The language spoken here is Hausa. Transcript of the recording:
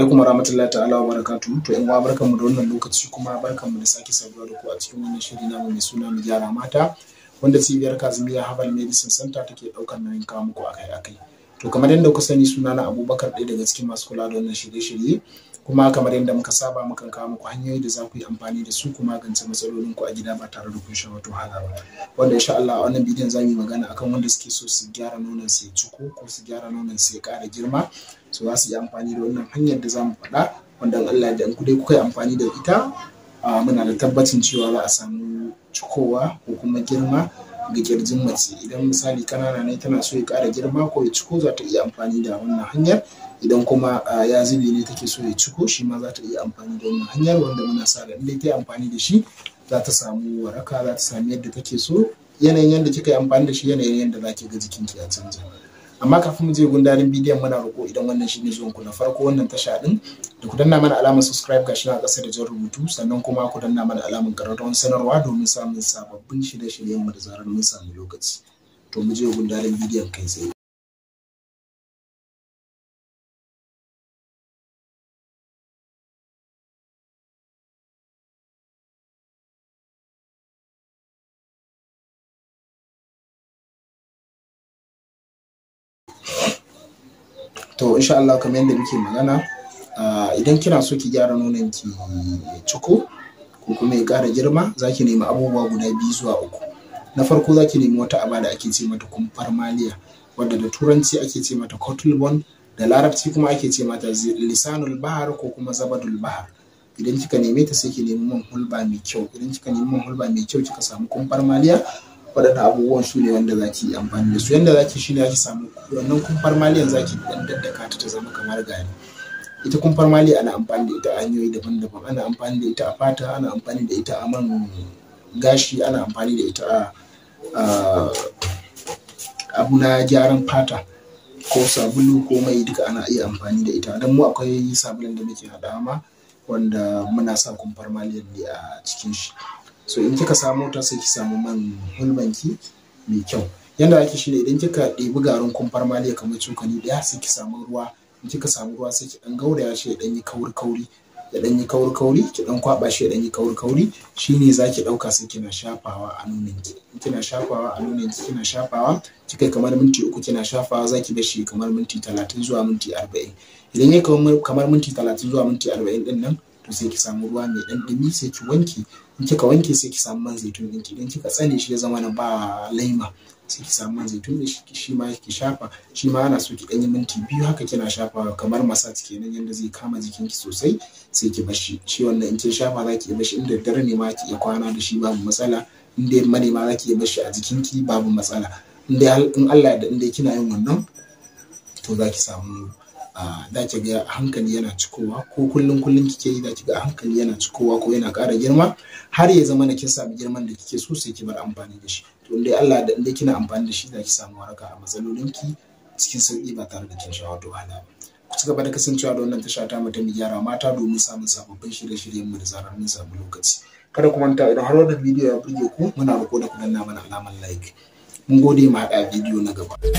alaikum warahmatullahi ta'ala wa barakatuhu to yan uwa barkanmu da wannan lokaci kuma barkanmu da sake saduwa da ku a cikin wannan shiri namu mai suna mu gyara mata wanda cibiyar Kazimiya Herbal Medicine Center take daukar nauyin kawo muku akai-akai to kamar yadda kuka sani suna Abubakar ɗaya daga cikin masu kula da wannan shirye-shirye kuma kamar yadda muka saba mukan kawo muku hanyoyi da za ku yi amfani da su ku magance matsalolin ku a gida ba tare da kun sha wata wahala ba wanda insha Allah a wannan bidiyon za mu yi magana akan wanda suke so su gyara nonon su ya cuku ko su gyara nonon su ya ƙara girma su za su yi amfani da wannan hanyar da za mu faɗa wanda Allah da ku dai kuka yi amfani da ita muna da tabbacin cewa za a samu cikowa ko kuma girma ga kirjin mace idan misali kanana ne tana so ya ƙara girma ko ya ciko za ta iya amfani da wannan hanyar idan kuma ya zube ne take so ya ciko shi ma za ta iya amfani da wannan hanyar wanda muna sa da ta yi amfani da shi za ta samu waraka za ta samu yadda take so yanayin yadda kika yi amfani da shi yanayin yadda za ki ga jikinki ya canza. amma kafin mu je gundarin bidiyon muna roƙo idan wannan shi zuwan ku na farko wannan tasha din da ku danna mana alamar subscribe gashi na ƙasa da jan rubutu sannan kuma ku danna mana alamar karatun sanarwa domin samun sababbin shirye-shiryen mu da zarar mun samu lokaci to mu je gundarin bidiyon kai tsaye to insha Allah kamar yadda muke magana idan kina so ki gyara nonon ki ciko ko kuma ya ƙara girma za ki nemi abubuwa guda biyu zuwa uku na farko za ki nemi wata aba da ake ce mata kumfar maliya wadda da turanci ake ce mata cotton bond da larabci kuma ake ce mata lisanul bahar ko kuma zabadul bahar idan kika neme ta sai ki nemi man hulba mai kyau idan kika nemi man hulba mai kyau kika samu kumfar maliya wadanda abubuwan su ne wanda za ki yi amfani da su yanda za ki shi ne ki samu wannan kumfar maliyan za ki daddaka ta ta zama kamar gari ita kumfar maliya ana amfani da ita a hanyoyi daban-daban ana amfani da ita a fata ana amfani da ita a man gashi ana amfani da ita a abu na gyaran fata ko sabulu ko mai duka ana iya amfani da ita don mu akwai sabulun da muke haɗawa ma wanda muna sa kumfar maliyan ne a cikin shi so in kika samu ta sai ki samu man hulbanki mai kyau yanda ake shine idan kika ɗebi garin kumfar maliya kamar cokali ɗaya sai ki samu ruwa in kika samu ruwa sai ki gauda gauraya shi ya dan yi kauri kauri ya dan yi kauri kauri ki dan kwaɓa shi ya dan yi kauri kauri shine zaki dauka ɗauka sai kina shafawa a nononki kina shafawa a ki kina shafawa kika kamar minti uku kina shafawa zaki bar shi kamar minti talatin zuwa minti arba'in idan ya kamar minti talatin zuwa minti arba'in din nan to sai ki samu ruwa mai dan dumi sai ki wanke in kika wanke sai ki samu man zaitun din ki dan kika tsane shi ya zama na ba laima sai ki samu man zaitun din shi shi ma ki shafa shi ma ana so ki dan yi minti biyu haka kina shafawa. kamar Masat kenan yanda zai kama jikin ki sosai sai ki bar shi wannan in kin shafa za ki bar inda dare ne ma ki iya kwana da shi babu matsala in dai yamma ne ma za ki bar a jikin ki babu matsala in in Allah ya da in dai kina yin wannan to za samu za ki ga hankali yana cikowa ko kullum kullum kike yi za ki ga hankali yana cikowa ko yana ƙara girma har ya zama na kin samu girman da kike so sai ki bar amfani da shi to dai Allah da dai kina amfani da shi za ki samu waraka a matsalolinki cikin sauki ba tare da kin sha wata wahala ku ci gaba da kasancewa da wannan tasha ta mata mi gyara mata domin samun sababbin shirye-shiryen mu da zarar mun samu lokaci kada ku manta idan har wannan bidiyo ya burge ku muna roƙo da ku danna mana alamar like mun gode ma haɗa bidiyo na gaba